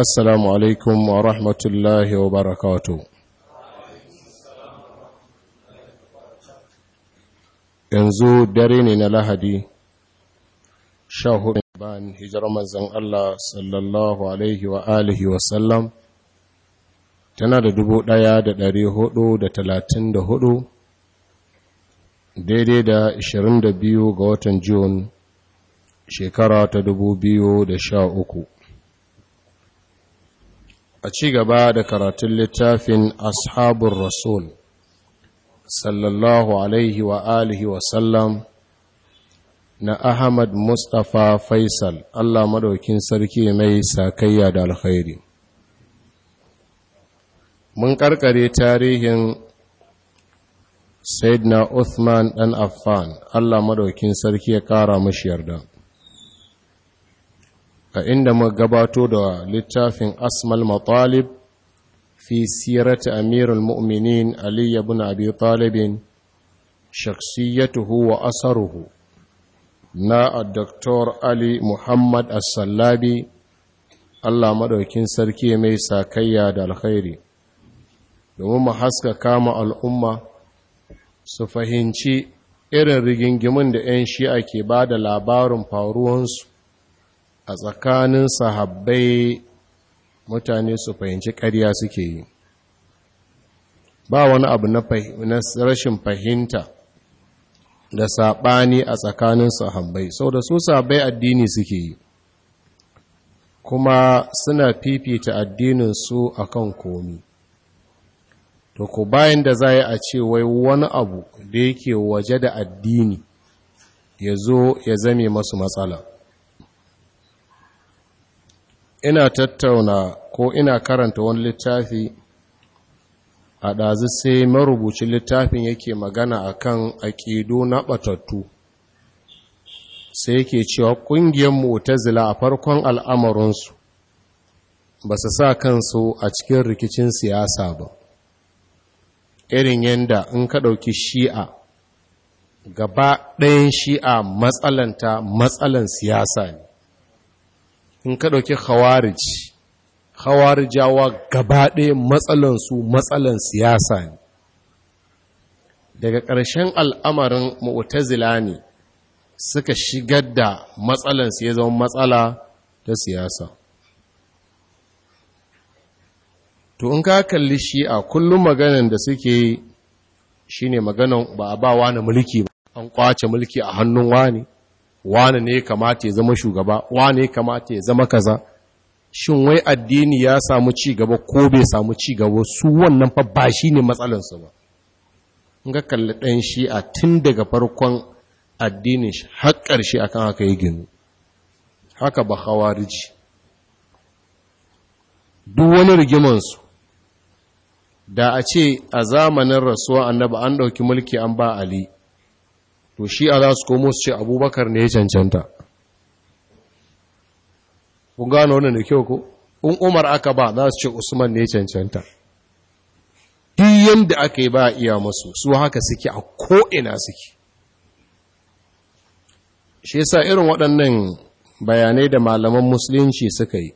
assalamu alaikum wa rahmatullahi wa barakatu yanzu dare ne na lahadi sha hudu ban hijar manzan Allah sallallahu alaihi wa alihi wa sallam tana da dubu daya da dari hudu da talatin da hudu daidai da ashirin da biyu ga watan Jun shekara ta dubu biyu da sha uku a ci gaba da karatun littafin ashabun rasul sallallahu alaihi wa alihi wa sallam na ahmad mustapha faisal allah madaukin sarki mai sakayya da alkhairi mun karkare tarihin sayyidina uthman dan affan allah madaukin sarki ya ƙara mashi yarda a inda mu gabato da littafin asmal matalib fi sirati amirul mu'minin ali ibn abi talib shakhsiyatuhu wa asaruhu na dr ali muhammad as-sallabi Allah madaukin sarki mai sakayya da alkhairi domin mu haska kama al'umma su fahimci irin rigingimin da 'yan shi'a ke ba da labarin faruwansu a tsakanin sahabbai mutane su fahimci karya suke yi ba wani abu na rashin fahimta da saɓani a tsakanin sahabbai sau da su sahabbai addini suke yi kuma suna fifita addinin su kan komi to ku bayan da za a ce wai wani abu da yake waje da addini ya zo ya zame masu matsala ina tattauna ko ina karanta wani littafi a ɗazu sai marubucin littafin yake magana akan aƙido na ɓatattu sai yake cewa ƙungiyar mutazila a farkon al'amarinsu ba su sa kansu a cikin rikicin siyasa ba irin yadda in ka ɗauki shi'a gaba ɗayan shi'a matsalanta matsalan siyasa ne in ka ɗauki khawarij khawarijawa gaba ɗaya matsalansu matsalan siyasa ne daga ƙarshen al'amarin mu'tazila ne suka shigar da matsalansu ya zama matsala ta siyasa to in ka kalli shi a kullum maganan da suke yi ne maganan ba a bawa wani mulki ba an kwace mulki a hannun wani wane ne kamata ya zama shugaba wane kamata ya zama kaza shin wai addini ya samu ci gaba ko bai samu ci gaba su wannan fa ba shine matsalan su ba ga kalli ɗan shi'a tun daga farkon addinin shi har ƙarshe akan haka yi ginu haka ba khawariji duk wani rigiman su da a ce a zamanin rasuwa annabi an ɗauki mulki an ba ali to shi a za su komo su ce abubakar ne ya cancanta Ku gano wani da kyau ko in umar aka ba za su ce usman ne ya cancanta duk yadda aka yi ba iya masu su haka suke a ko'ina suke shi sa irin waɗannan bayanai da malaman musulunci suka yi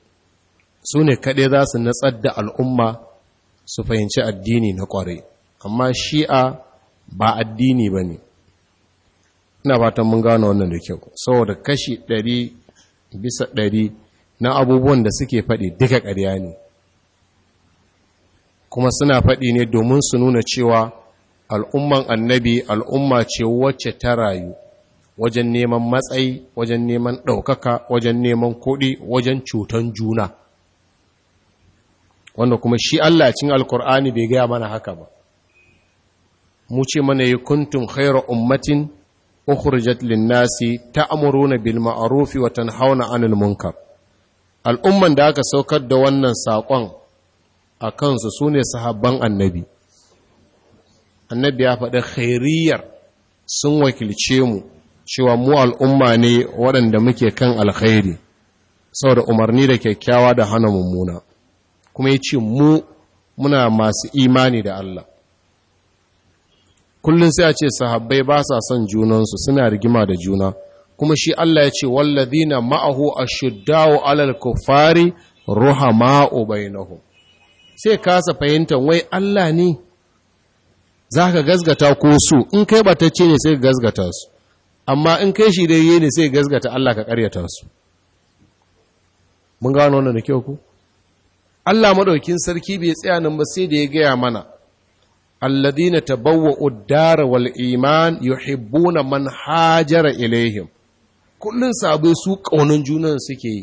su ne kaɗai za su natsar da al'umma su fahimci addini na ƙware amma shi'a ba addini ba ne ina fatan mun gano wannan da kyau saboda kashi ɗari bisa ɗari na abubuwan da suke faɗi duka ƙarya ne kuma suna faɗi ne domin su nuna cewa al'umman annabi al'umma ce wacce ta rayu wajen neman matsayi wajen neman ɗaukaka wajen neman kuɗi wajen cutan juna wanda kuma shi Allah cin alkur'ani bai gaya mana haka ba mu ce mana yi kuntun khairu ummatin ukhrijat lin-nasi ta'muruna bil ma'ruf watan Hauna 'anil munkar al'umman da aka saukar da wannan sakon a kansu sune sahabban annabi annabi ya faɗi khairiyar sun wakilce mu cewa mu al'umma ne waɗanda muke kan alkhairi saboda umarni da kyakkyawa da hana mummuna kuma ya ce mu muna masu imani da Allah kullum sai a ce sahabbai ba sa son junansu suna rigima da juna kuma shi Allah ya ce na ma'ahu ashiddaw alal kuffari ruhama'u bainahum sai kasa fahimta wai Allah ne zaka gazgata ko su in kai batacce ne sai gazgata su amma in kai shi dai ne sai gazgata Allah ka karyata su mun gano wannan da kyau ku Allah madaukin sarki bai tsaya nan ba sai da ya gaya mana alladhina tabawwa'u ad-dar wal iman yuhibbuna man hajara ilaihim kullun sabai su kaunan junan suke yi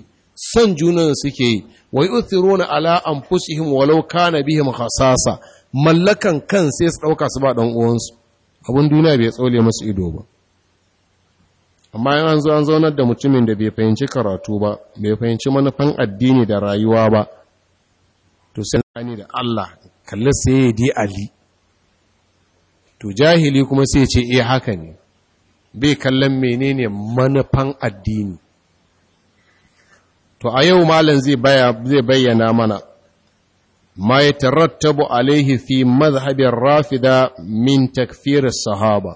son junan suke yi wa yuthiruna ala anfusihim walau na bihim hasasa. mallakan kan sai su dauka su ba dan uwansu abun duniya bai tsaule masu ido ba amma in an zaunar da mutumin da bai fahimci karatu ba bai fahimci manufan addini da rayuwa ba to sai ni da Allah kalli sai ya di ali to jahili kuma sai ce eh haka ne bai kallon menene manufan addini to a yau malam zai bayyana mana ma ya tarattabu alaihi fi mazhabin rafida min takfirar sahaba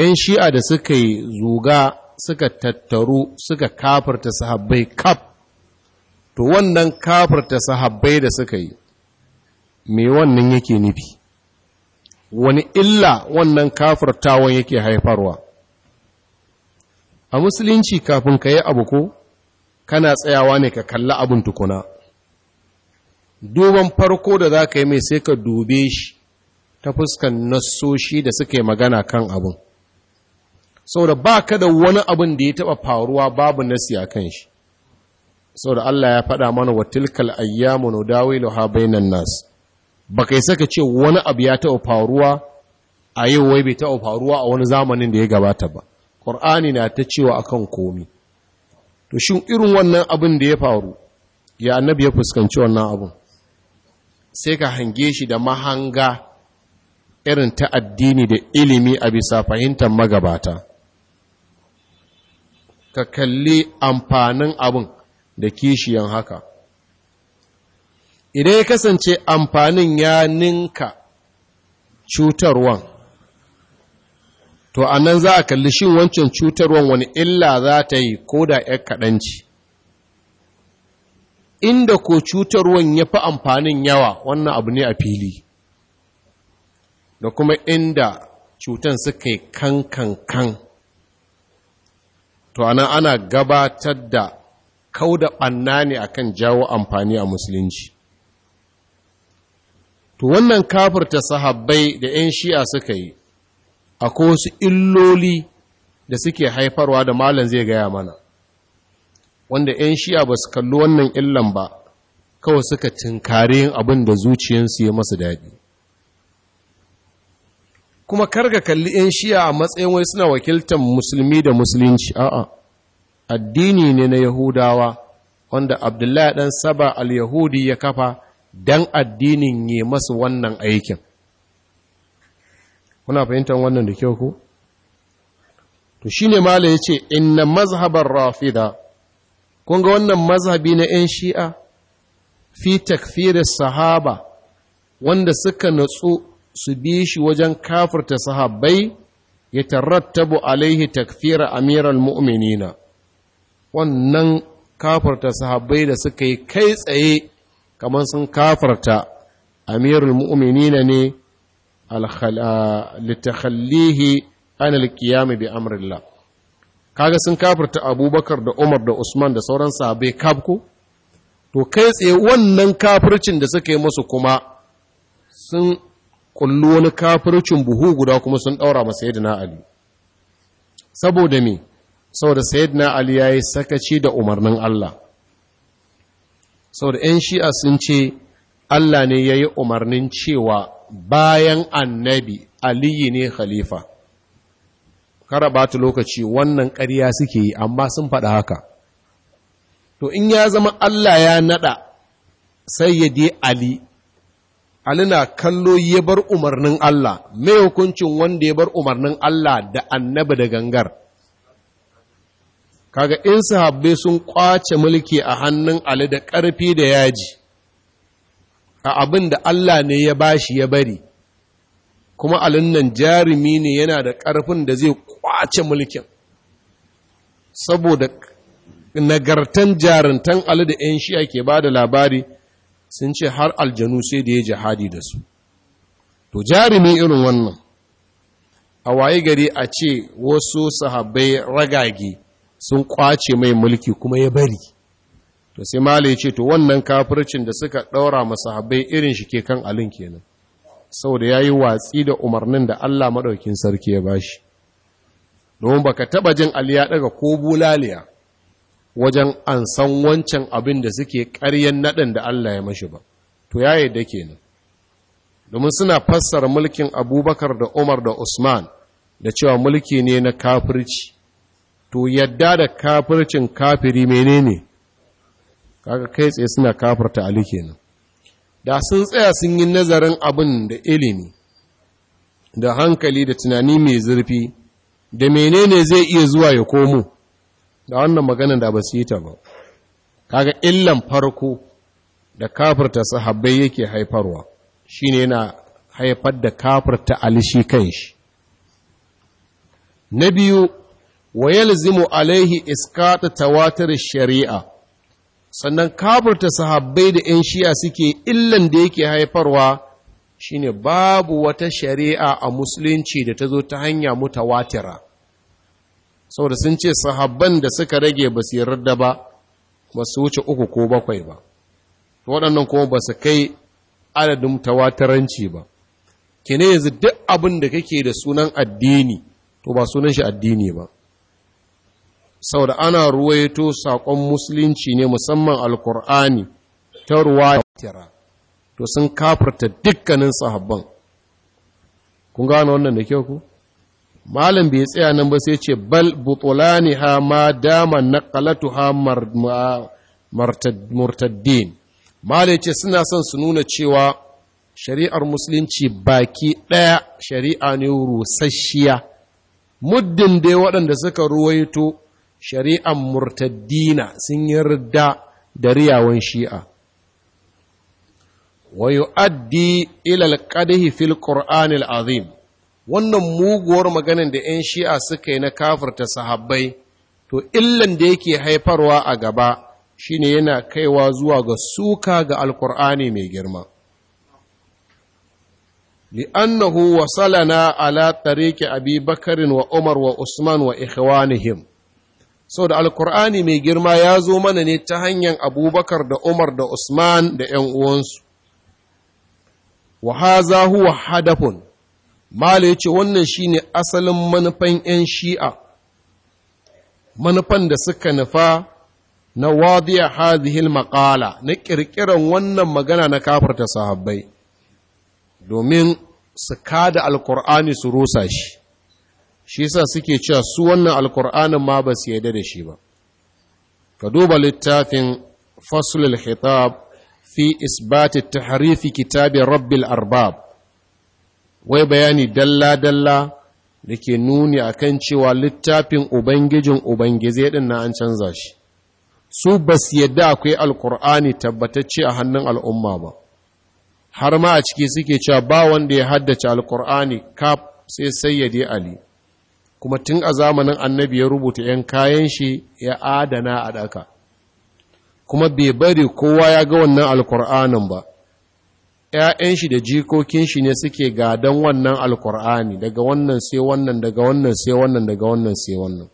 ‘yan shi'a da suka yi zuga suka tattaru suka kafarta sahabbai kaf to wannan kafarta sahabbai da suka yi me wannan yake nufi wani illa wannan kafirtawan yake haifarwa a musulunci kafin ka yi abu ko kana tsayawa ne ka kalla abin tukuna duban farko da za ka yi mai sai ka dube shi ta fuskan nassoshi da suke magana kan abin saboda ba ka da wani abin da ya taɓa faruwa babu nasi a kan shi saboda Allah ya faɗa mana wa tilkal ayyamu ha bainan nasu. ba kai saka ce wani abu ya taɓa faruwa a yau wai bai taɓa faruwa a wani zamanin da ya gabata ba ƙur'ani na ta cewa akan komi to shin irin wannan abin da ya faru ya annabi ya fuskanci wannan abin sai ka hange shi da mahanga irin ta addini da ilimi a bisa fahimtar magabata ka kalli amfanin abin da kishiyan haka idan ya kasance amfanin ya ninka cutarwan to a nan za a kalli shin wancan cutarwan wani illa za ta yi ko da ‘yar kaɗanci inda ko cutarwan ya fi amfanin yawa wannan abu ne a fili da kuma inda cutan suka yi kankankan to ana ana gabatar da kau da ɓanna ne akan jawo amfani a musulunci to wannan kafirta sahabbai da 'yan shi'a suka yi akwai wasu illoli da suke haifarwa da malam zai gaya mana wanda 'yan shi'a ba su kalli wannan illan ba kawai suka tinkare yin abin da zuciyarsu ya masu daɗi kuma karga kalli 'yan shi'a a matsayin wai suna wakiltar musulmi da musulunci a'a addini ne na yahudawa wanda abdullahi ɗan saba al-yahudi ya kafa Dan addinin yi masu wannan aikin kuna fahimtar wannan da kyau ku? to shi ne mala ya ce inna mazhabar rafida kun ga wannan mazhabi na 'yan shi'a fi takfiri sahaba wanda suka natsu su bi shi wajen kafirta sahabbai ya tarattabu alaihi takfira amiral mu'minina wannan kafirta sahabbai da suka yi kai tsaye kamar sun kafarta amirul mu'minina ne litakhallihi an alkiyami bi amrillah kaga sun kafarta abubakar da umar da usman da sauran sahabbai kabko to kai tsaye wannan kafircin da suka yi musu kuma sun kullu wani kafircin buhu guda kuma sun ɗaura masa yadda ali saboda me saboda sayyidina ali yayi sakaci da umarnin Allah saboda 'yan shi'a sun ce Allah ne ya yi umarnin cewa bayan annabi aliyu ne khalifa kara ta lokaci wannan ƙarya suke yi amma sun faɗa haka to in ya zama Allah ya naɗa sai ya je ali ali na kallo ya bar umarnin Allah mai hukuncin wanda ya bar umarnin Allah da annabi da gangar kaga in sahabbai sun kwace mulki a hannun ali da ƙarfi da yaji a abin da Allah ne ya bashi ya bari kuma alin nan jarumi ne yana da ƙarfin da zai kwace mulkin saboda nagartan jarantan ali da 'yan shi'a ke ba da labari sun ce har aljanu sai da ya jihadi da su to jarumi irin wannan a waye gari a ce wasu sahabbai ragage sun kwace mai mulki kuma ya bari to sai mala ya ce to wannan kafircin da suka ɗaura masahabai irin shi ke kan alin kenan saboda yayi watsi da umarnin da Allah maɗaukin sarki ya bashi domin baka taɓa jin ali daga ko bulaliya wajen an san wancan abin da suke ƙaryen naɗin da Allah ya mashi ba to ya dake kenan domin suna fassara mulkin abubakar da umar da usman da cewa mulki ne na kafirci to yadda da kafircin kafiri menene kaga kai tsaye suna kafirta ali kenan da sun tsaya sun yi nazarin abin da ilimi da hankali da tunani mai zurfi da menene zai iya zuwa ya komo da wannan magana da ba su yi ta ba kaga illan farko da kafirta sahabbai yake haifarwa shine yana haifar da kafirta ali shi kanshi na biyu wa عليه iska تواتر tawatar shari'a sannan kafurta sahabbai da 'yan shi'a suke illan da yake haifarwa shine babu wata shari'a a musulunci da ta zo ta hanya mutawatira saboda sun ce sahabban da suka rage ba da ba ba su wuce uku ko bakwai ba waɗannan kuma ba su kai adadin tawataranci ba kine yanzu duk abin da kake da sunan addini to ba sunan shi addini ba Sau da ana ruwaito saƙon musulunci ne musamman alkur'ani ta ruwa tira to sun kafarta dukkanin sahabban kun gano wannan da kyau ku malam bai tsaya nan ba sai ce bal butulani ha ma dama naqalatu ha murtaddin malam ce suna son su nuna cewa shari'ar musulunci baki ɗaya shari'a ne rusasshiya muddin dai waɗanda suka ruwaito shari'an murtaddina sun yi rida da riyawan shi'a wa yu'addi ila al fil qur'an al-azim wannan muguwar maganar da 'yan shi'a suka yi na kafirta sahabbai to illan da yake haifarwa a gaba shine yana kaiwa zuwa ga suka ga alkur'ani mai girma li'annahu وصلنا ala طريق أبي بكر wa umar wa usman wa so da alkur'ani mai girma ya zo mana ne ta hanyar abubakar da umar da usman da ‘yan uwansu wa haza huwa hadafun mala ya ce wannan shine asalin manufan ‘yan shi'a manufan da suka nufa na wadiya hazihil maƙala na ƙirƙiran wannan magana na kafarta sahabbai domin su kada alkur'ani su rusa shi shi sa suke cewa su wannan alkur'anin ma ba su yarda da shi ba ka duba littafin fasulul hitab fi isbati tahrifi kitabin rabbil arbab wai bayani dalla dalla da ke nuni a kan cewa littafin ubangijin ubangije din na an canza shi su ba su yadda akwai alkur'ani tabbatacce a hannun al'umma ba har ma a ciki suke cewa ba wanda ya haddace alkur'ani kaf sai sayyade ali kuma tun a zamanin annabi ya rubuta ‘yan kayan shi ya adana a ɗaka kuma bai bari kowa ya ga wannan alkur'anin ba ‘ya'yan shi da jikokin shi ne suke gadon wannan alkur'ani daga wannan sai wannan daga wannan sai wannan daga wannan sai wannan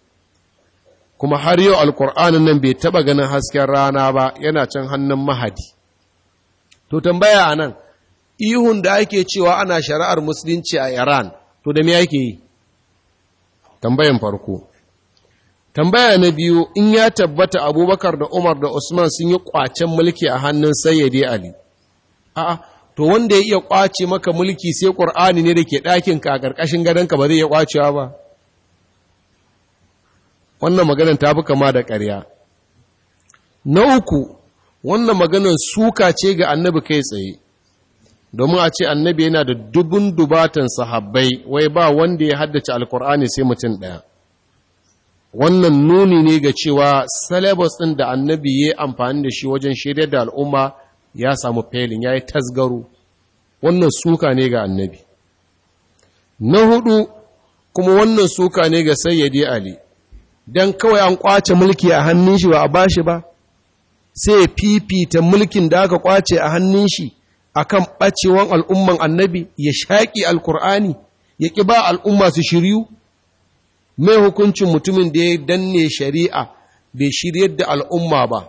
kuma har yau alkur'anin nan bai taɓa ganin hasken rana ba yana can hannun mahadi to tambaya a nan ihun da ake cewa ana shari'ar musulunci a iran to da me ake yi tambayan farko tambaya na biyu in ya tabbata abubakar da umar da usman sun yi kwacen mulki a hannun sayyadi ali a'a to wanda ya iya kwace maka mulki sai qur'ani ne da ke ɗakinka a ƙarƙashin gadonka ba zai iya kwacewa ba wannan maganar ta fi kama da ƙarya na uku wannan maganar suka ce ga annabi kai tsaye domin a ce annabi yana da dubun dubatan sahabbai wai ba wanda ya haddace alkur'ani sai mutum ɗaya wannan nuni ne ga cewa salabas ɗin da annabi ya amfani da shi wajen shirya da al'umma ya samu felin ya yi tasgaro wannan suka ne ga annabi na hudu kuma wannan suka ne ga sayyadi ali don kawai an kwace mulki a hannun shi ba a ba shi ba sai fifita mulkin da aka kwace a hannun shi akan ɓacewan al'umman annabi ya shaƙi alkur'ani ya ƙi ba al'umma su shiryu mai hukuncin mutumin da ya danne shari'a bai shiryar da al'umma ba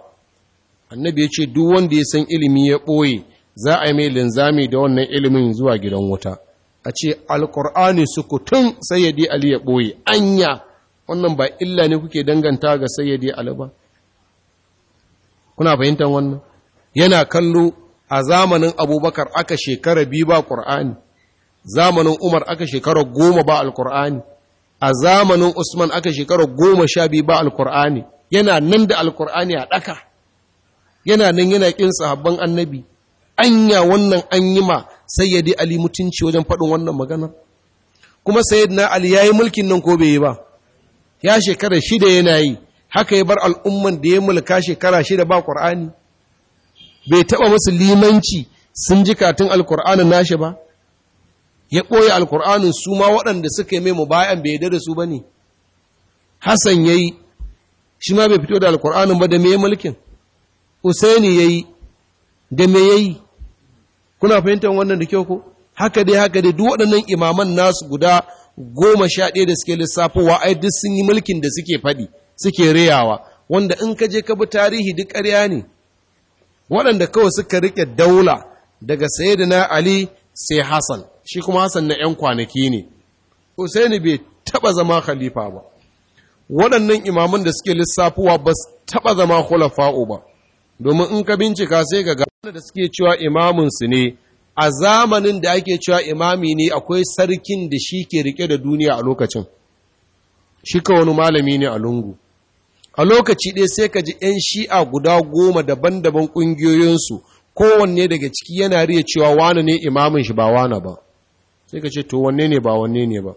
annabi ya ce duk wanda ya san ilimi ya ɓoye za a yi mai linzami da wannan ilimin zuwa gidan wuta a ce alkur'ani sukutun sayyadi ali ya ɓoye anya wannan ba illa ne kuke danganta ga sayyadi ali ba kuna fahimtar wannan yana kallo a zamanin abubakar aka shekara biyu ba ƙur'ani zamanin umar aka shekara goma ba alƙur'ani a zamanin usman aka shekara goma sha biyu ba alƙur'ani yana nan da alƙur'ani a ɗaka yana nan yana ƙin sahabban annabi anya wannan an yi ma sayyadi ali mutunci wajen faɗin wannan magana kuma sayyidina ali ya yi mulkin nan ko bai yi ba ya shekara shida yana yi haka ya bar al'umman da ya mulka shekara shida ba ƙur'ani bai taɓa musu limanci sun ji katin alkur'anin nashi ba ya ɓoye alkur'anin su ma waɗanda suka yi mai mu bayan bai yarda da su ba ne hassan ya yi shi ma bai fito da alkur'anin ba da me mulkin usaini ya yi da me ya yi kuna fahimtar wannan da kyau ko haka dai haka dai duk waɗannan imaman nasu guda goma sha ɗaya da suke lissafowa ai duk sun yi mulkin da suke faɗi suke rayawa wanda in ka je ka bi tarihi duk ƙarya ne waɗanda kawai suka riƙe daula daga na ali sai hassan shi kuma hassan na 'yan kwanaki ne Usaini bai taɓa zama khalifa ba waɗannan imaman da suke lissafuwa ba su taɓa zama khulafa'u ba domin in ka bincika sai ga gane da suke cewa imaminsu ne a zamanin da ake cewa imami ne akwai sarkin da shi ke rike da duniya a lokacin shi ka wani malami ne a lungu a lokaci ɗaya sai ka ji 'yan shi'a guda goma daban-daban ƙungiyoyinsu kowanne daga ciki yana riya cewa wane ne imamin shi ba wane ba sai ka ce to wanne ne ba wanne ne ba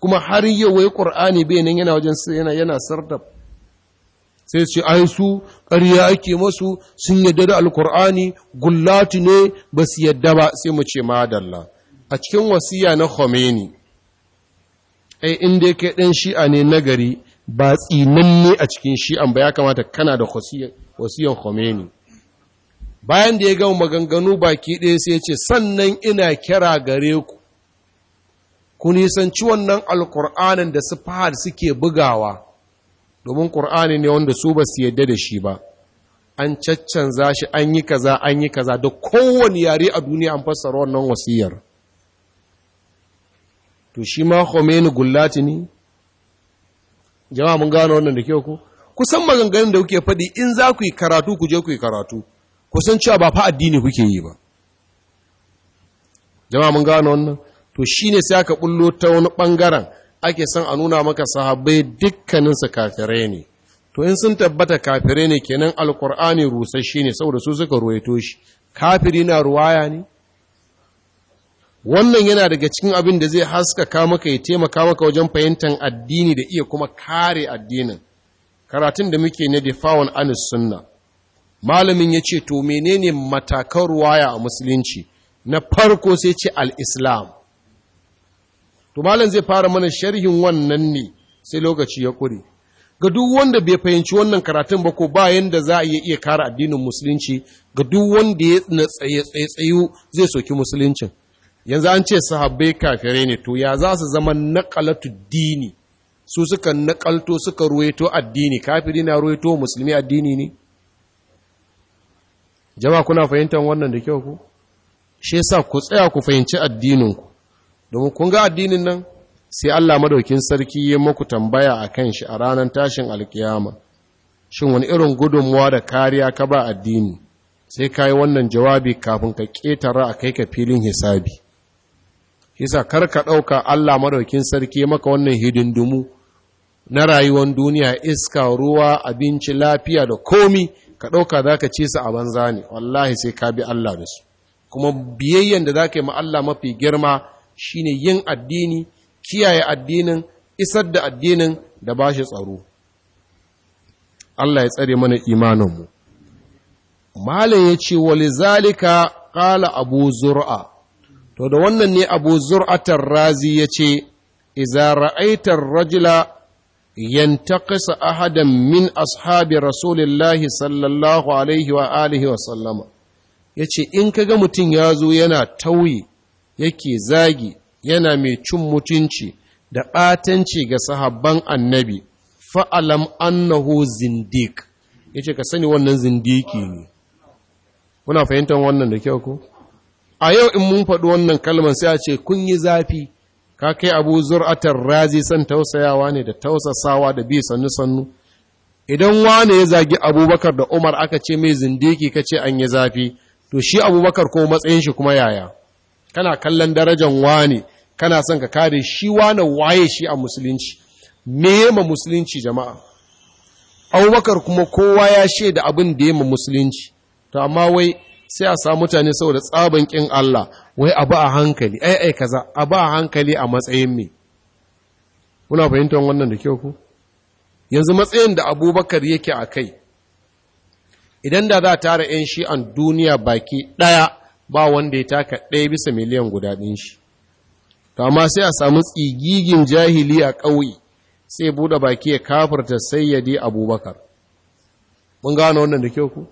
kuma har yau wai ƙur'ani bai nan yana wajen yana yana sardab sai ce ai su ƙarya ake masu sun yadda da alƙur'ani gullatu ne ba su yadda ba sai mu ce madalla a cikin wasiya na Khomeini ai in dai kai ɗan shi'a ne nagari ba tsinanne a cikin shi'an ba ya kamata kana da wasiyan Khomeini bayan da ya gama maganganu baki ɗaya sai ya ce sannan ina kira gare ku ku nisanci wannan alkur'anin da su suke bugawa domin ƙur'ani ne wanda su ba su yadda da shi ba an caccanza shi an yi kaza an yi kaza da kowane yare a duniya an fassara wannan wasiyar to shi ma Khomeini gullati ne jama'a mun gano wannan da kyau ku kusan maganganun da kuke faɗi in za ku yi karatu ku je ku yi karatu kusan cewa ba fa addini kuke yi ba jama'a mun gano wannan to shine sai aka bullo ta wani bangaren ake san a nuna maka sahabbai dukkanin su kafirai ne to in sun tabbata kafirai ne kenan alqur'ani rusasshe ne saboda su suka ruwaito shi kafiri na ruwaya ne wannan yana daga cikin abin da zai haskaka maka ya taimaka maka wajen fahimtar addini da iya kuma kare addinin karatun da muke na defawon anis sunna malamin ya ce to menene matakan ruwaya a musulunci na farko sai ce Al'islam. to malam zai fara mana sharhin wannan ne sai lokaci ya kuri ga duk wanda bai fahimci wannan karatun ba ko ba da za a iya iya kare addinin musulunci ga duk wanda ya tsaye tsayu zai soki musuluncin yanzu an ce sahabbai kafirai ne to ya za su zama naƙalatu dini su suka naƙalto suka ruwaito addini kafiri na ruwaito musulmi addini ne jama'a kuna fahimtar wannan da kyau ku shi yasa ku tsaya ku fahimci addininku domin kun ga addinin nan sai Allah madaukin sarki ya muku tambaya akan shi a ranar tashin alkiyama shin wani irin gudunmuwa da kariya ka ba addini sai kai wannan jawabi kafin ka ketara a kai ka filin hisabi yasa kar ka ɗauka Allah maɗaukin sarki maka wannan hidindumu na rayuwar duniya iska ruwa abinci lafiya da komi ka ɗauka za ka ci su a banza ne wallahi sai ka bi Allah da su kuma biyayyen da za ka yi ma Allah mafi girma shine yin addini kiyaye addinin isar da addinin da ba shi tsaro Allah ya tsare mana imaninmu Malam ya ce, Wali zalika ƙala abu zura, to da wannan ne abu zur'atar razi ya ce iza ra'aitar rajula ahadan min ashabi أصحاب sallallahu alaihi wa alihi wa sallama, ya ce in kaga mutum ya zo yana tauye yake zagi yana mai cin mutunci da ɓatanci ga sahabban annabi fa'alam annahu zindik Ya ce ka sani wannan zindiki ne kuna fahimtar wannan da kyau ko? a yau in mun faɗi wannan kalmar sai a ce kun yi zafi ka kai abu zur'atar razi san tausayawa ne da tausasawa da bi sannu sannu idan wane ya zagi abubakar da umar aka ce mai zindiki ka ce an yi zafi to shi abubakar ko matsayin shi kuma yaya kana kallon darajan wane kana son ka kare shi wane waye shi a musulunci me ma musulunci jama'a abubakar kuma kowa ya shaida abin da ya ma musulunci to amma wai sai a sa mutane saboda tsaban kin Allah wai abu a hankali ai ai kaza abu a hankali a matsayin me kuna fahimtar wannan da kyau ku yanzu matsayin da Abubakar yake a kai idan da za tara yan shi'an duniya baki ɗaya ba wanda ya taka ɗaya bisa miliyan guda ɗin shi to amma sai a samu tsigigin jahili a ƙauye sai bude baki ya kafarta sayyadi Abubakar mun gano wannan da kyau ku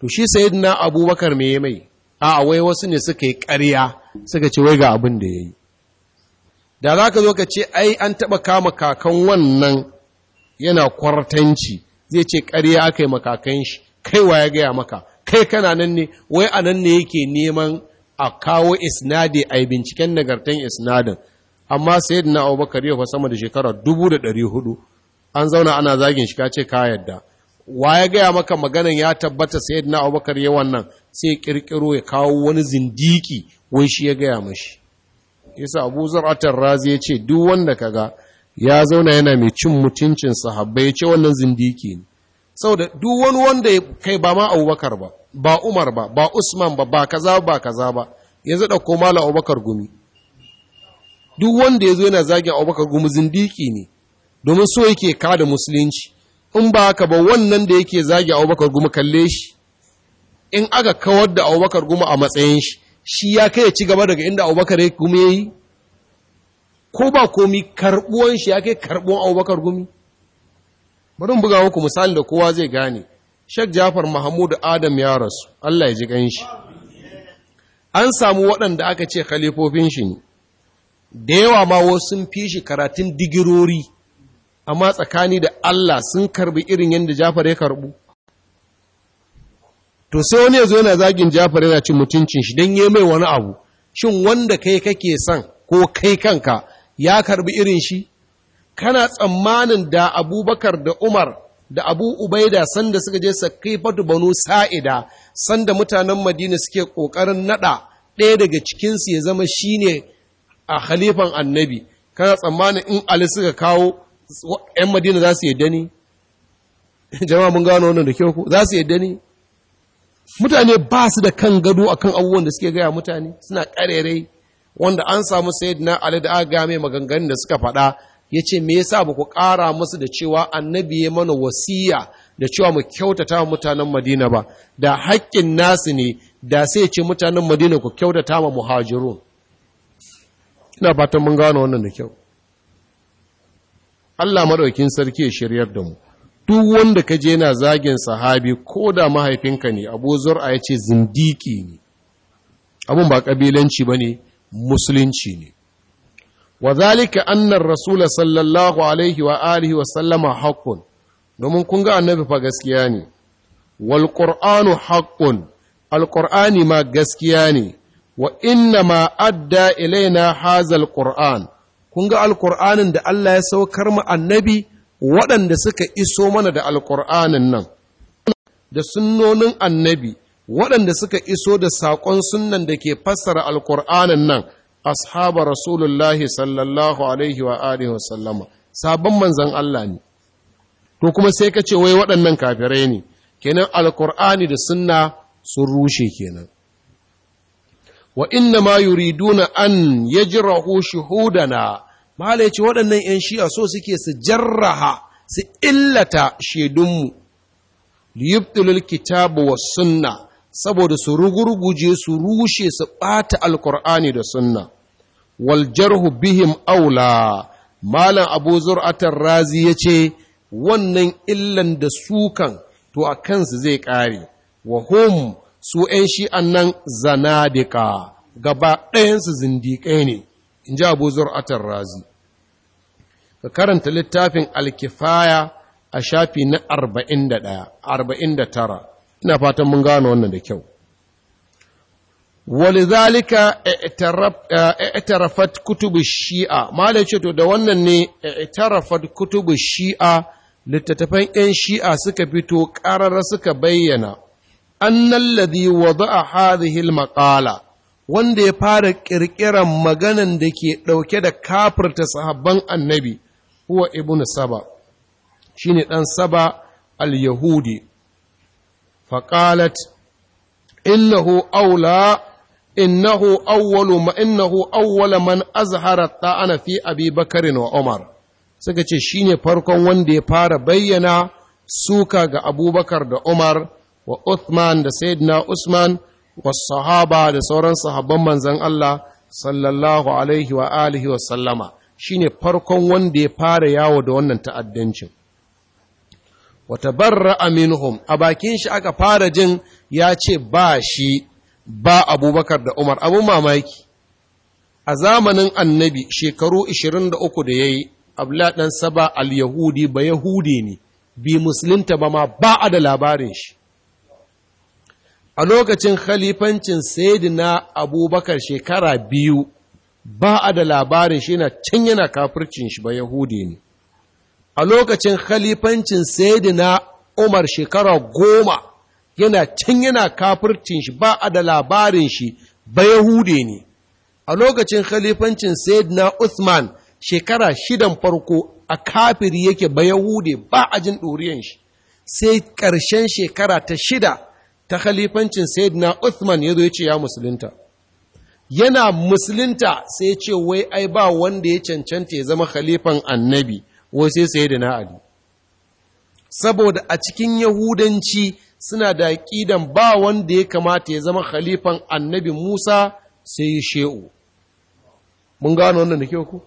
to shi sayyidina abubakar me ya mai a wai wasu ne suka yi ƙarya suka ce wai ga abin da ya yi da za ka zo ka ce ai an taɓa kama kakan wannan yana kwartanci zai ce ƙarya aka yi makakan shi kai wa ya gaya maka kai kana nan ne wai a nan ne yake neman a kawo isnadi a binciken nagartan isnadin amma sayyidina abubakar yau fa sama da shekara dubu da ɗari hudu an zauna ana zagin shi ka ce ka yadda wa ya gaya maka maganan ya tabbata na abubakar ya wannan sai kirkiro ya kawo wani zindiki wai shi ya gaya mashi yasa abu zar'atar razi ya ce duk wanda ka ga? ya zauna yana mai cin mutuncin sahabbai ya ce wannan zindiki ne saboda duk wani wanda kai ba ma abubakar ba ba umar ba ba usman ba ba kaza ba kaza ba ya yanzu ɗauko mala abubakar gumi duk wanda ya zo yana zagin abubakar gumi zindiki ne domin so yake kada musulunci in ba haka ba wannan da yake zagi abubakar guma kalle shi in aka kawar da abubakar guma a matsayin shi shi ya kai ya ci gaba daga inda abubakar gumi ya yi ko ba komi karɓuwan shi ya kai karɓuwan abubakar gumi bari buga muku misali da kowa zai gane shek jafar mahamudu adam ya rasu allah ya ji gan shi. an samu waɗanda aka ce khalifofin shi ne da yawa ma wasu sun fi shi karatun digirori amma tsakani da Allah sun karbi irin yadda Jafar ya karbu to sai wani zo yana zagin Jafar yana cin mutuncin shi dan yi mai wani abu shin wanda kai kake son ko kai kanka ya karbi irin shi kana tsammanin da Abubakar da Umar da Abu Ubaida sanda suka je Sakifatu Banu Sa'ida sanda mutanen Madina suke ƙoƙarin naɗa ɗaya daga cikinsu ya zama shine a khalifan annabi kana tsammanin in Ali suka kawo 'yan madina za su yadda ni jama'a mun gano wannan da kyau ku za su yadda ni mutane ba su da kan gado a kan abubuwan da suke gaya mutane suna ƙarerai wanda an samu sayyidina ali da aka game maganganun da suka faɗa ya ce me yasa ba ku ƙara musu da cewa annabi ya mana wasiya da cewa mu kyautata wa mutanen madina ba da haƙƙin nasu ne da sai ce mutanen madina ku kyautata wa muhajirun ina fatan mun gano wannan da kyau Allah madaukin sarki ya shiryar da mu duk wanda ka je na zagin sahabi ko da mahaifinka ne Abu Zur'a ce zindiki ne abun ba kabilanci ne, musulunci ne wazalika annar rasula sallallahu alaihi wa alihi wa sallama haƙƙun domin kun ga annabi fa gaskiya ne wal qur'anu haƙƙun al qur'ani ma gaskiya ne wa inna ma adda ilaina hazal qur'an kun ga alkur'anin da Allah ya saukar mu annabi waɗanda suka iso mana da alkur'anin nan da sunnonin annabi waɗanda suka iso da saƙon sunnan da ke fassara alkur'anin nan ashabar rasulullahi sallallahu alaihi wa alihi wasallama sabon manzan Allah ne to kuma sai ka ce wai waɗannan kafirai ne kenan alkur'ani da sunna sun rushe kenan wa inna ma yuriduna an yajrahu shuhudana mala yace waɗannan ‘yan shi'a so suke su jarraha su illata shaidunmu liyubtulul kitabu wa sunna saboda su rugurguje su rushe su ɓata alkur'ani da sunna wal jarhu bihim aula malam abu zur'atar razi yace ce wannan illan da sukan to a kansu zai ƙare wa hum su ‘yan shi'an nan zanadiƙa, gaba ɗayansu zindiƙai ne, in ji abu zur'atar razi. Ka karanta littafin alkifaya a shafi na arba'in da ɗaya, arba'in da tara, ina fatan mun gano wannan da kyau. ولذلك اعترفت كتب الشيعة ما لا يشتو da wannan ne itarafat كتب Shi'a, littattafan 'yan shi'a suka fito ƙarar suka bayyana annal ladhi a hadhihi maƙala wanda ya fara ƙirƙiran maganan da ke ɗauke da kafirta sahabban annabi huwa Ibn saba ne dan saba al-yahudi faƙalat innahu aula innahu awwalu ma innahu awwala man azhara ta'ana fi abi bakarin wa umar suka ce shine farkon wanda ya fara bayyana suka ga abubakar da umar wa Uthman da Sayyidina Usman wa sahaba da sauran sahabban manzon Allah sallallahu alaihi wa alihi wa sallama shine farkon wanda ya fara yawo da wannan ta'addancin wa tabarra'a minhum a bakin shi aka fara jin ya ce ba shi ba Abubakar da Umar abu mamaki a zamanin annabi shekaru 23 da yayi Abdullah dan Saba al-Yahudi ba Yahudi ne bi musulunta ba ma ba a da labarin shi a lokacin khalifancin saidina abubakar shekara biyu ba a da labarin shi na can yana kafircin shi ba yahudi ne a lokacin khalifancin saidina umar shekara goma yana can yana kafircin shi ba a da labarin shi ba yahudi ne a lokacin khalifancin saidina Usman shekara shidan farko a kafiri yake ba yahudi ba a jin ɗoriyan shi sai ƙarshen shekara ta shida ta khalifancin sayyidina Uthman ya zo ya ce ya musulunta yana musulunta sai ya ce wai ai ba wanda ya cancanta ya zama khalifan annabi wai sai sayyidina Ali saboda a cikin yahudanci suna da aqidan ba wanda ya kamata ya zama khalifan annabi Musa sai shehu mun gano wannan da kyau ku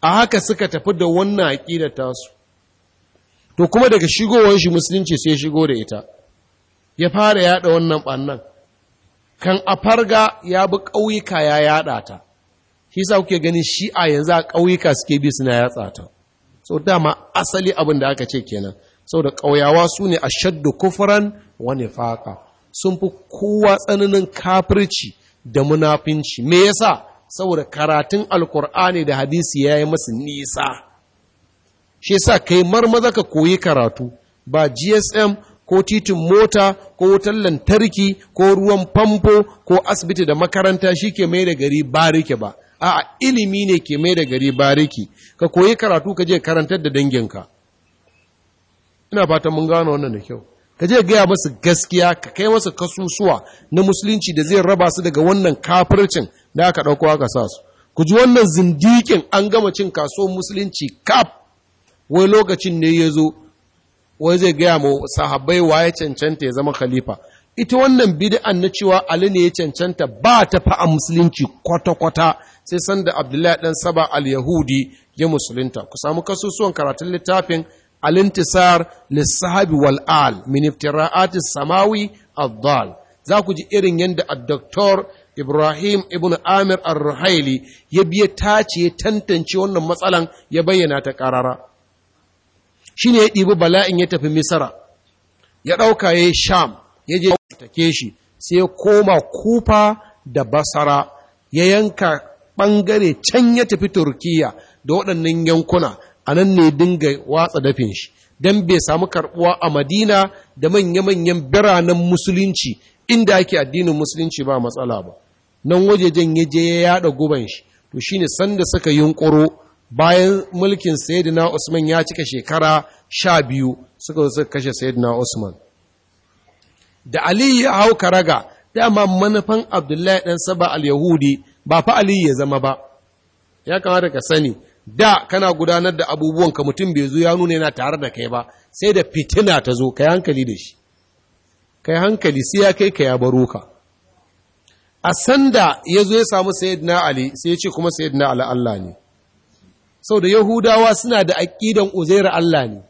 a haka suka tafi da wannan aqidar tasu to kuma daga shigowar shi musulunci sai shigo da ita ya fara yada wannan ɓannan kan a farga ya bi ƙauyuka ya yada ta shi sa kuke shi a yanzu a ƙauyuka suke bi suna yatsa ta sau dama asali abin da aka ce kenan Sau da ƙauyawa su ne a shaddu kufuran wani faƙa sun fi kowa tsananin kafirci da munafinci me yasa saboda karatun alkur'ani da hadisi ya yi masu nisa shi sa kai marmaza ka koyi karatu ba gsm ko titin mota ko wutar lantarki ko ruwan famfo ko asibiti da makaranta shi ke mai da gari barike ba a'a ilimi ne ke mai da gari bariki ka koyi karatu ka je karantar da danginka ina fatan mun gano wannan da kyau ka je gaya masu gaskiya ka kai masu kasusuwa na musulunci da zai raba su daga wannan kafircin da aka ɗauko aka sa su ku ji wannan zindikin an gama cin kasuwar musulunci kaf wai lokacin ne ya zo wai zai gaya mu sahabai wa ya cancanta ya zama khalifa ita wannan bid'an na cewa Ali ne ya cancanta ba ta fa'a musulunci kwata-kwata sai sanda Abdullahi dan Saba al-Yahudi ya musulunta ku samu kasusuwan karatun littafin Al-Intisar lis-Sahabi wal-Al min samawi ad-dal za ku ji irin yadda ad-doktor Ibrahim ibn Amir ar-Ruhaili ya biya tace tantance wannan matsalan ya bayyana ta karara shi ne ya ɗibi bala'in ya tafi misra ya ɗauka ya sham ya je take shi sai ya koma kufa da basara ya yanka ɓangare can ya tafi turkiya da waɗannan yankuna a nan ne dinga watsa dafin shi don bai samu karɓuwa a madina da manya-manyan biranen musulunci inda ake addinin musulunci ba matsala ba nan wajejen ya je ya yaɗa guban shi to shine sanda suka yunƙuro bayan mulkin sayyidina Usman ya cika shekara sha biyu suka suka kashe sayyidina Usman da Aliyu ya hau karaga dama manufan Abdullahi ɗan Saba al-Yahudi ba fa Aliyu ya zama ba ya kamata ka sani da kana gudanar da abubuwanka mutum bai zo ya nuna yana tare da kai ba sai da fitina ta zo kai hankali da shi kai hankali sai ya kai ka ya baro ka a sanda ya zo ya samu sayyidina Ali sai ya ce kuma sayyidina Ali Allah ne Sau da yahudawa suna da aƙidan uzairu Allah ne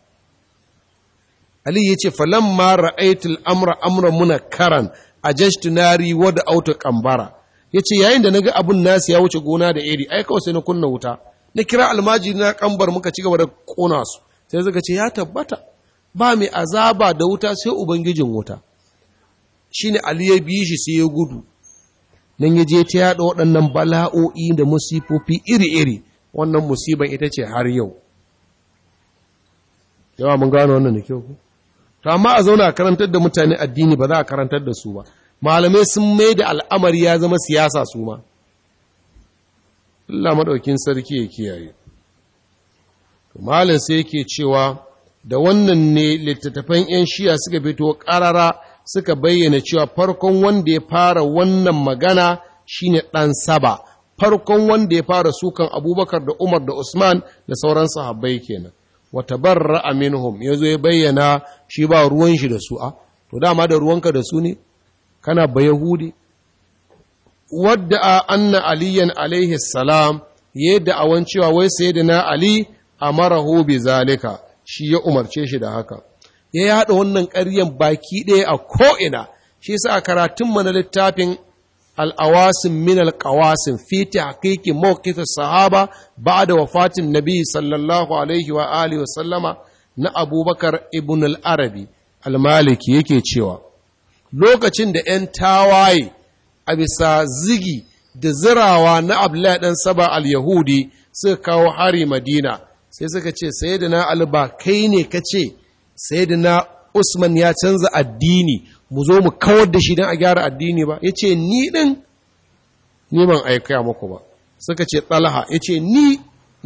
Ali yace ma ra’aitul amra amra a ajashtu na wa da auta kambara ce yayin da na ga abin nasu ya wuce gona da iri ai kawai sai na kunna wuta na kira almaji na kambar muka ci gaba da ƙona su sai suka ce ya tabbata ba mai azaba da wuta sai ubangijin wuta Shi ne Ali ya bi shi sai ya gudu nan ya je ta yaɗa waɗannan bala'o'i da masifofi iri-iri wannan musibar ita ce har yau yawa mun gano wannan da kyau ku to amma a zauna a karantar da mutane addini ba za a karantar da su ba malamai sun mai da al'amari ya zama siyasa su ma Allah madaukin sarki ya kiyaye malam sai yake cewa da wannan ne littattafan 'yan shiya suka fito karara suka bayyana cewa farkon wanda ya fara wannan magana shine ɗan saba farkon wanda ya fara sukan abubakar da umar da usman da sauran sahabbai kenan wata barra aminhum ya zo ya bayyana shi ba ruwan shi da su a to dama da ruwanka da su ne kana ba yahudi wadda a anna aliyan alaihi salam ya da'awan cewa wai sai na ali a mara bi zalika shi ya umarce shi da haka ya haɗa wannan karyan baki ɗaya a ko'ina shi sa a karatun na littafin al'awasin min alƙawasin fi hakikin mawqifin sahaba ba da wafatin nabi sallallahu alaihi wa alihi wa sallama na abubakar ibn al al-maliki yake cewa lokacin da ‘yan tawaye a bisa zigi da zirawa na abdullahi ɗan saba al-yahudi suka kawo hari madina sai suka ce sai da na alba kai ne ka ce sai da na usman ya canza addini mu zo mu kawar da shi don a gyara addini ba ya ce ni ɗin ni ban aika muku ba suka ce ɗalaha ya ce ni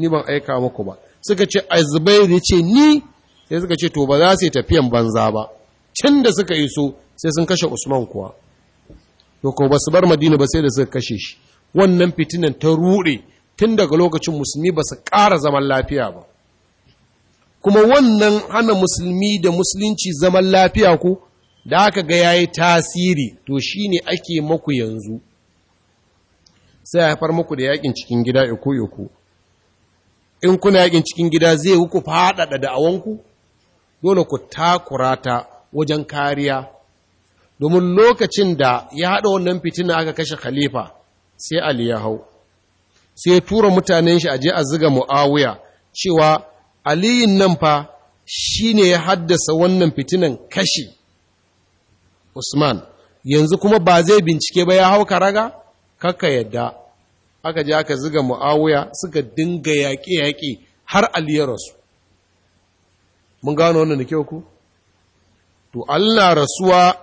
ni ban aika muku ba suka ce azubair ya ce ni sai suka ce to ba za su yi tafiyan banza ba can da suka iso sai sun kashe usman kuwa to ko ba su bar madina ba sai da suka kashe shi wannan fitinan ta ruɗe tun daga lokacin musulmi ba su ƙara zaman lafiya ba kuma wannan hana musulmi da musulunci zaman lafiya ko da aka ga yayi tasiri to shine ake maku yanzu sai a haifar maku da yakin cikin gida iko iko in kuna yakin cikin gida zai huku faɗaɗa da'awanku dole ku takura wajen kariya domin lokacin da ya haɗa wannan fitina aka kashe khalifa sai ali ya hau sai ya tura mutanen shi aje a ziga mu'awiya cewa aliyin nan fa shi ne ya haddasa wannan fitinan kashi Usman yanzu kuma ba zai bincike ba ya hau karaga Kaka yadda aka je aka ziga mu'awuya suka dinga yaƙe-yaƙe har aliyarsu mun gano wannan da kyau ku to Allah rasuwa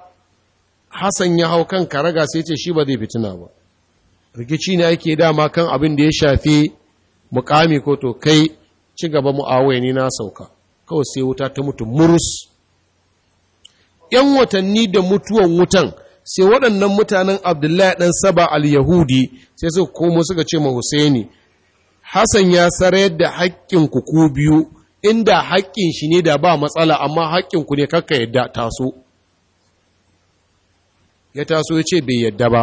Hassan ya hau kan karaga sai ce shi ba zai fitina ba rikici ne ake dama kan abin da ya shafi mukami ko to kai ci gaba mu'awuya ne na sauka kawai sai wuta ta mutu murus ‘yan watanni da mutuwan wutan, sai waɗannan mutanen Abdullahi ɗan Saba al-Yahudi sai suka komo suka ce ma Husaini, Hassan ya sarayar da haƙƙin ku biyu, inda haƙƙin shi ne da ba matsala, amma haƙƙin ku ne kakka yadda taso. Ya taso ya ce bai yadda ba,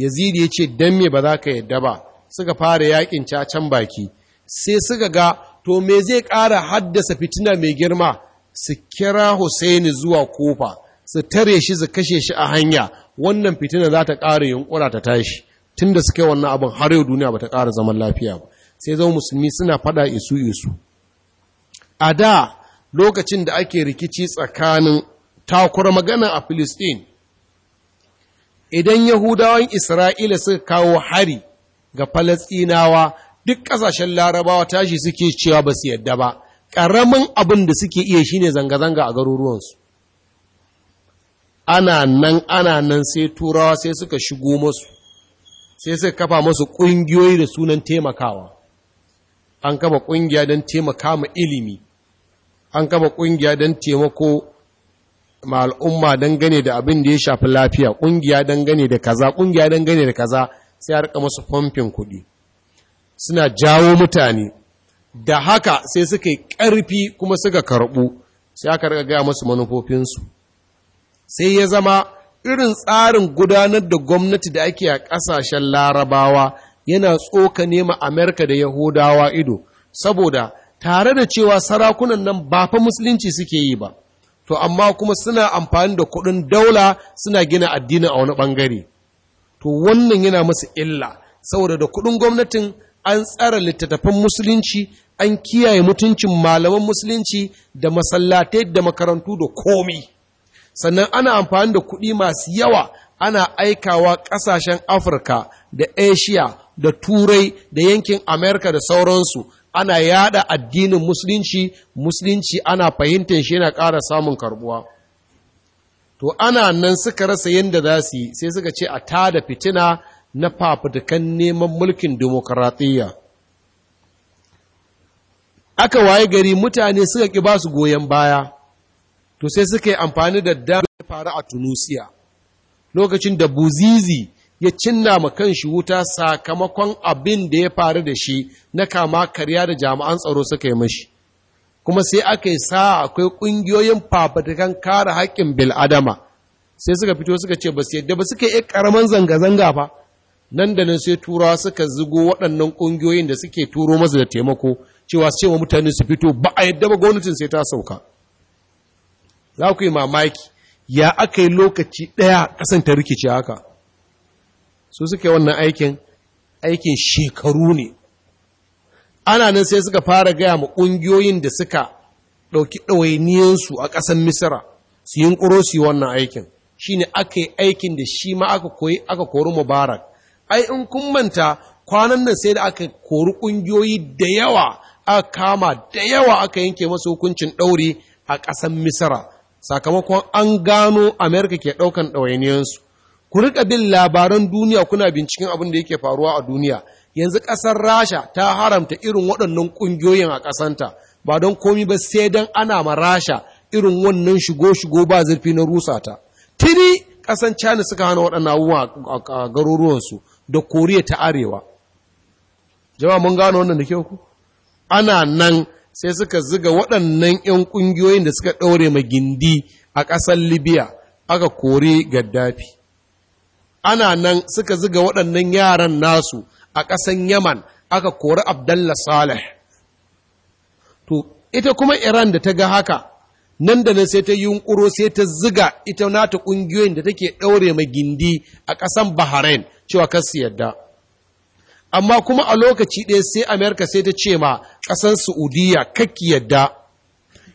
Yazidi ya ce don me ba za ka yadda ba, suka fara yaƙin cacan baki, sai suka ga to me zai ƙara haddasa fitina mai girma su kira Husaini zuwa kofa su tare shi su kashe shi a hanya wannan fitina za ta ƙara yunkura ta tashi tunda suka yi wannan abin har yau duniya ba ta ƙara zaman lafiya ba sai zama musulmi suna fada isu isu a da lokacin da ake rikici tsakanin takura magana a Filistin idan Yahudawan Isra'ila suka kawo hari ga Falasɗinawa duk ƙasashen larabawa tashi suke cewa ba su yadda ba ƙaramin abin da suke iya shine zanga-zanga a garuruwansu ana nan ana nan sai turawa sai suka shigo masu sai suka kafa masu ƙungiyoyi da sunan taimakawa an kafa ƙungiya don taimaka ma ilimi an kafa ƙungiya don taimako ma al'umma dangane da abin da ya shafi lafiya ƙungiya dangane da kaza ƙungiya dangane da kaza sai harka masu famfin kuɗi suna jawo mutane da haka sai suka yi ƙarfi kuma suka karɓu sai aka riga gaya masu manufofinsu sai ya zama irin tsarin gudanar da gwamnati da ake a ƙasashen larabawa yana tsoka nema amerika da yahudawa ido saboda tare da cewa sarakunan nan ba fa musulunci suke yi ba to amma kuma suna amfani da kuɗin daula suna gina addini a wani ɓangare to wannan yana masu illa saboda da kuɗin gwamnatin an tsara littattafan musulunci an kiyaye mutuncin malaman musulunci da masallatai da makarantu da komi sannan ana amfani da kuɗi masu yawa ana aikawa ƙasashen afirka da asia da turai da yankin amerika da sauransu ana yada addinin musulunci musulunci ana fahimtar shi yana ƙara samun karbuwa to ana nan suka rasa yadda za su yi sai suka ce a tada fitina na fafutukan neman mulkin demokaratiyya aka waye gari mutane suka ƙi ba su goyon baya to sai suka yi amfani da damar faru a tunusiya lokacin da buzizi ya cinna ma kanshi wuta sakamakon abin da ya faru da shi na kama karya da jami'an tsaro suka yi mashi kuma sai aka yi sa akwai ƙungiyoyin fafutukan kare haƙƙin bil'adama sai suka fito suka ce ba su yadda ba suka yi ƙaramin zanga-zanga ba. nan da nan sai turawa suka zigo waɗannan ƙungiyoyin da suke turo masa da taimako cewa su cewa mutane su fito ba a yadda ba gwamnatin sai ta sauka za ku yi mamaki ya aka yi lokaci ɗaya ƙasan ta rikice haka su suke wannan aikin aikin shekaru ne ana nan sai suka fara gaya ma ƙungiyoyin da suka ɗauki ɗawainiyansu a ƙasan misira su yi ƙuro su yi wannan aikin shi ne aka yi aikin da shi ma aka koyi aka kori mubarak ai in kun manta kwanan nan sai da aka kori ƙungiyoyi da yawa aka kama da yawa aka yanke masu hukuncin ɗauri a ƙasar misira sakamakon an gano amerika ke ɗaukan ɗawainiyansu ku riƙa bin labaran duniya kuna binciken abin da yake faruwa a duniya yanzu ƙasar rasha ta haramta irin waɗannan ƙungiyoyin a ƙasanta ba don komi ba sai don ana ma rasha irin wannan shigo-shigo ba zurfi na rusa ta tiri ƙasan china suka hana waɗannan abubuwa a garuruwansu da koriya ta arewa jama'a mun gano wannan da kyau ku ana nan sai suka ziga waɗannan 'yan ƙungiyoyin da suka ɗaure magindi a ƙasar libya aka kore gaddafi ana nan suka ziga waɗannan yaran nasu a ƙasan yaman aka kori abdallah saleh to ita kuma iran da ta ga haka nan da nan sai ta yunƙuro sai ta ziga ita nata ƙungiyoyin da take ɗaure magindi a ƙasar bahrain cewa kan su yadda amma kuma a lokaci ɗaya sai amerika sai ta ce ma ƙasar saudiya kakki yadda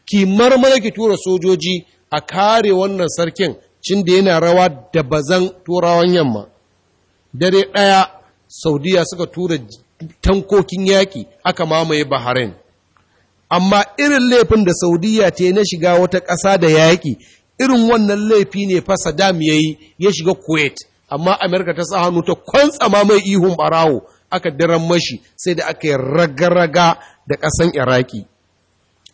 ki marmara ki tura sojoji a kare wannan sarkin cin da yana rawa da bazan turawan yamma dare ɗaya saudiya suka tura tankokin yaƙi aka mamaye bahrain amma irin laifin da saudiya ta yi na shiga wata ƙasa da yaƙi irin wannan laifi ne fa saddam ya yi ya shiga kuwait amma amerika ta sa hannu ta kwantsama mai ihun barawo aka daren mashi sai da aka yi ragaraga da ƙasan iraki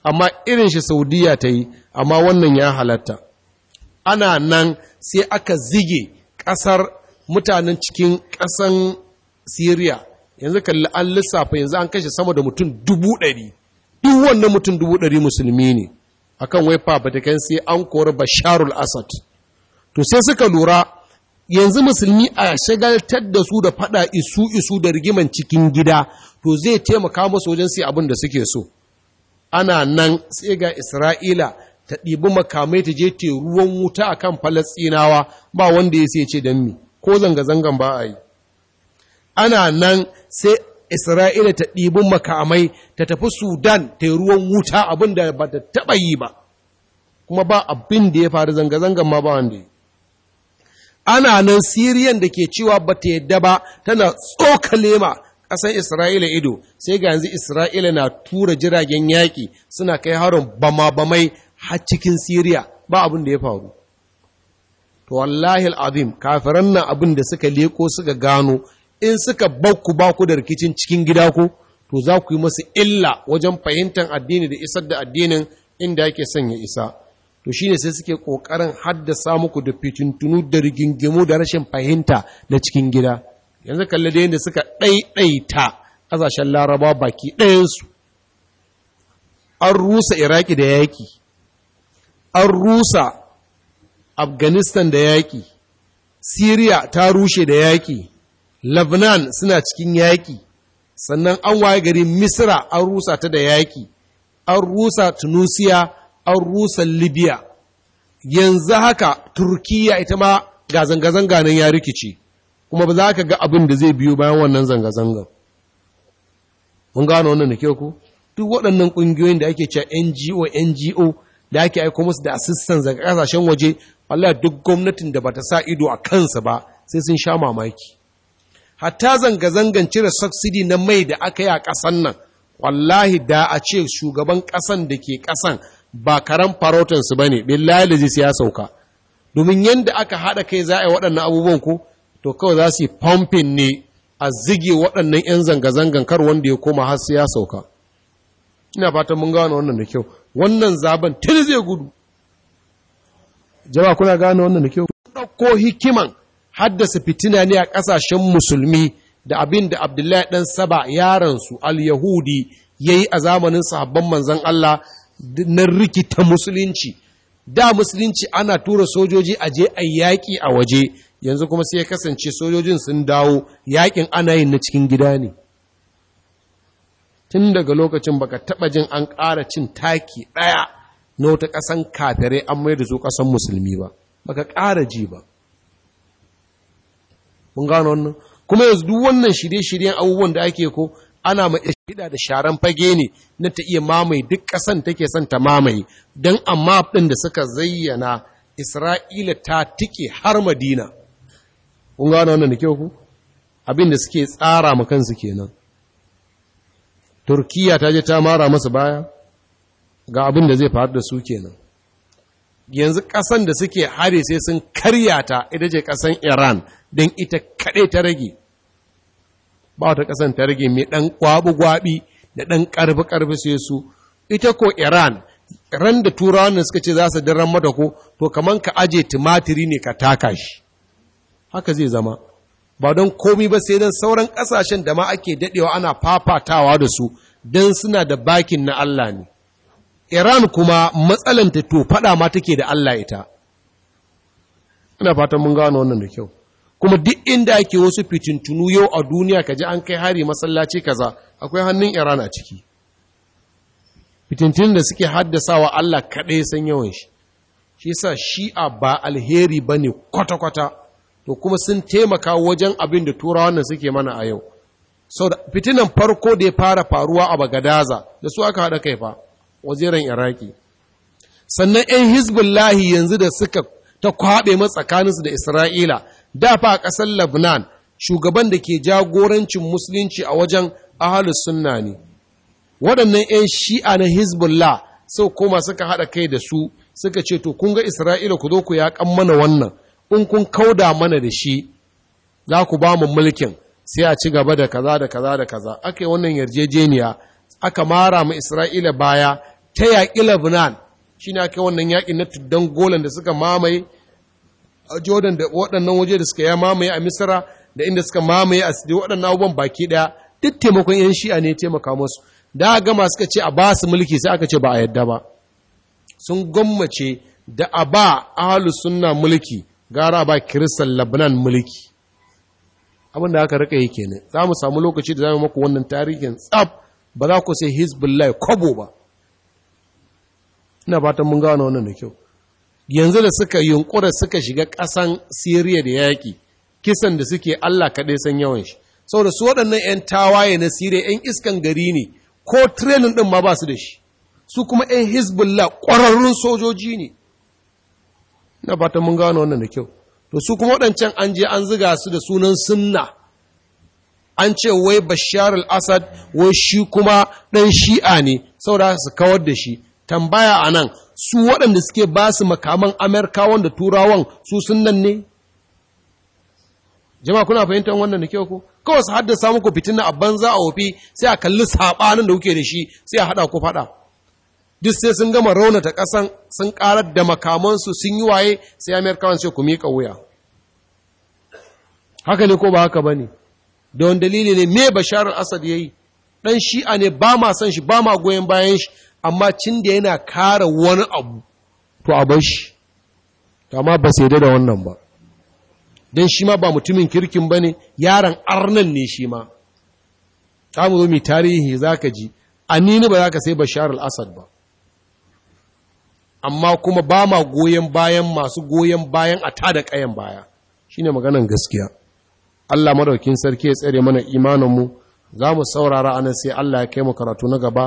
amma irin shi saudiya ta yi amma wannan ya halatta ana nan sai aka zige ƙasar mutanen cikin ƙasan syria yanzu kalli an lissafa yanzu an kashe sama da mutum dubu ɗari duk wannan mutum dubu ɗari musulmi ne akan wai fafatakan sai an kori basharul asad to sai suka lura yanzu musulmi a shagaltar da su da fada isu isu da rigiman cikin gida to zai taimaka musu wajen sai abin da suke so ana nan sai ga Isra'ila ta ɗibi makamai ta je te ruwan wuta a kan Falasɗinawa ba wanda ya sai ce don mi ko zanga zangan ba a yi ana nan sai Isra'ila ta ɗibi makamai ta tafi Sudan ta ruwan wuta abin da ba ta taɓa yi ba, kuma ba abin da ya faru zanga-zangan ma ba wanda yi. ana nan siriyan da ke cewa ba ta yadda ba tana tsokale ma ƙasar isra'ila ido sai ga yanzu isra'ila na tura jiragen yaƙi suna kai harin bama-bamai har cikin siriya ba abin da ya faru to wallahi al'azim kafiran nan abin da suka leko suka gano in suka bakku baku da rikicin cikin gida ko to za ku yi masu illa wajen fahimtar addini da isar da addinin inda yake sanya isa to shi ne sai suke ƙoƙarin haddasa muku da fitintunu da rigingimu da rashin fahimta na cikin gida yanzu kalli da yadda suka ɗaiɗaita ƙasashen laraba baki ɗayansu an rusa iraki da yaƙi an rusa afghanistan da yaƙi Syria ta rushe da yaƙi lebanon suna cikin yaƙi sannan an waye gari Misira an rusa ta da yaƙi an rusa tunusiya an rusa libya yanzu haka turkiya ita ma ga zanga-zanga nan ya rikici kuma ba za ka ga abin da zai biyo bayan wannan zanga-zangan mun gano wannan da kyau ku duk waɗannan ƙungiyoyin da ake cewa ngo ngo da ake aiko musu da asistan zanga ƙasashen waje Allah duk gwamnatin da bata sa ido a kansa ba sai sun sha mamaki hatta zanga-zangan cire subsidy na mai da aka yi a ƙasan nan wallahi da a ce shugaban ƙasan da ke ƙasan ba karan farautansu ba ne billahi da ya sauka domin yadda aka haɗa kai za a yi waɗannan abubuwan ku to kawai za su yi pumping ne a zige waɗannan 'yan zanga-zangan kar wanda ya koma har ya sauka ina fatan mun gano wannan da kyau wannan zaben tun zai gudu jama kuna gano wannan da kyau ɗauko hikiman haddasa fitina ne a ƙasashen musulmi da abin da abdullahi ɗan saba yaransu al-yahudi ya yi a zamanin sahabban manzan Allah na rikita musulunci da musulunci ana tura sojoji a je a yaƙi a waje yanzu kuma sai ya kasance sojojin sun dawo yaƙin ana yin na cikin gida ne tun daga lokacin baka taɓa jin an ƙara cin taki ɗaya na wata ƙasan kafirai an mai da zo ƙasan musulmi ba baka ƙara ji ba mun gano wannan kuma yanzu duk wannan shirye-shiryen abubuwan da ake ko ana mai shida da sharan fage ne na ta iya mamaye duk ƙasan take son ta mamaye don amma ɗin da suka zayyana isra'ila ta tike har madina kun gano wannan da kyau ku abin da suke tsara ma kansu kenan turkiya ta je ta mara masu baya ga abin da zai faru da su kenan yanzu ƙasan da suke hare sai sun karya ta ita ce ƙasan iran don ita kaɗai ta rage ba wata ƙasan ta rage mai ɗan kwabi-gwabi da ɗan ƙarfi-ƙarfi sai su ita ko iran ran da turawan suka ce za su dirar mata ko to kamar ka aje tumatiri ne ka taka shi haka zai zama ba don komi ba sai don sauran ƙasashen da ma ake daɗewa ana fafatawa da su don suna da bakin na Allah ne iran kuma matsalanta to faɗa ma take da Allah ita ina fatan mun gano wannan da kyau kuma duk inda ake wasu fitintunu yau a duniya ka ji an kai hari masallaci kaza akwai hannun iran a ciki fitintun da suke haddasa wa allah kaɗai san yawan shi shi sa shi'a ba alheri ba ne kwata-kwata to kuma sun taimaka wajen abin da turawa nan suke mana a yau sau da fitinan farko da ya fara faruwa a bagadaza da su aka haɗa kai fa waziran iraki sannan 'yan hizbullahi yanzu da suka ta kwaɓe matsakaninsu da isra'ila da fa a ƙasar Lebanon shugaban da ke jagorancin musulunci a wajen ahalus sunna ne waɗannan 'yan shi'a na hezbollah sau koma suka haɗa kai da su suka ce to kun ga isra'ila ku zo ku yaƙan mana wannan in kun kauda mana da shi za ku ba mu mulkin sai a ci gaba da kaza da kaza da kaza aka yi wannan yarjejeniya aka mara ma isra'ila baya ta yaƙi lebanon shi ne aka wannan yaƙi na tuddan golan da suka mamaye jordan da waɗannan waje da suka ya mamaye a misra da inda suka mamaye a sidi waɗannan abubuwan baki ɗaya duk taimakon yan shi'a ne taimaka musu da gama suka ce a ba su mulki sai aka ce ba a yadda ba sun gwammace da a ba ahalu sunna mulki gara ba kiristan labnan mulki abin da aka rika yi kenan za mu samu lokaci da za mu maku wannan tarihin tsab ba za ku sai Hezbollah kwabo ba ina fatan mun gano wannan da kyau yanzu da suka yunkura suka shiga ƙasan siriya da yaƙi kisan da suke allah kaɗai san yawan shi saboda su waɗannan 'yan tawaye na siriya 'yan iskan gari ne ko trenin ɗin ma ba su da shi su kuma 'yan hezbollah ƙwararrun sojoji ne na ba ta mun gano wannan da kyau to su kuma waɗancan an je an ziga su da sunan sunna an ce wai bashar al-assad wai shi kuma ɗan shi'a ne saboda su kawar da shi tambaya a nan su waɗanda suke ba su makaman Amerikawan da Turawan su sun nan ne? jama kuna fahimtar wannan da kyau ko? Kawai su haddasa muku fitina abban banza a wofi sai a kalli saɓanin da kuke da shi sai a haɗa ku faɗa. Duk sai sun gama raunata ƙasan sun ƙarar da makamansu sun yi waye sai Amerikawan ce ku miƙa wuya. Haka ne ko ba haka ba ne? Da wani dalili ne me Bashar al-Assad ya yi? Ɗan shi'a ne ba ma son shi ba ma goyon bayan shi amma cin da yana kara wani abu to a bar shi amma ba sai da wannan ba don shi ma ba mutumin kirkin ba ne yaron arnan ne shi ma ta mu zo tarihi za ka ji A nini ba za ka sai bashar al'asad ba amma kuma ba ma goyon bayan masu goyon bayan a tada kayan baya Shi ne maganan gaskiya Allah madaukin sarki ya tsare mana imaninmu za mu saurara anan sai Allah ya kai mu karatu na gaba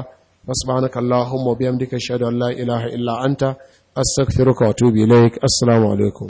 subhanaka allahumma biyamdika ashhadu an la ilaha illa anta astaghfiruka wa atubu assalamu alaikum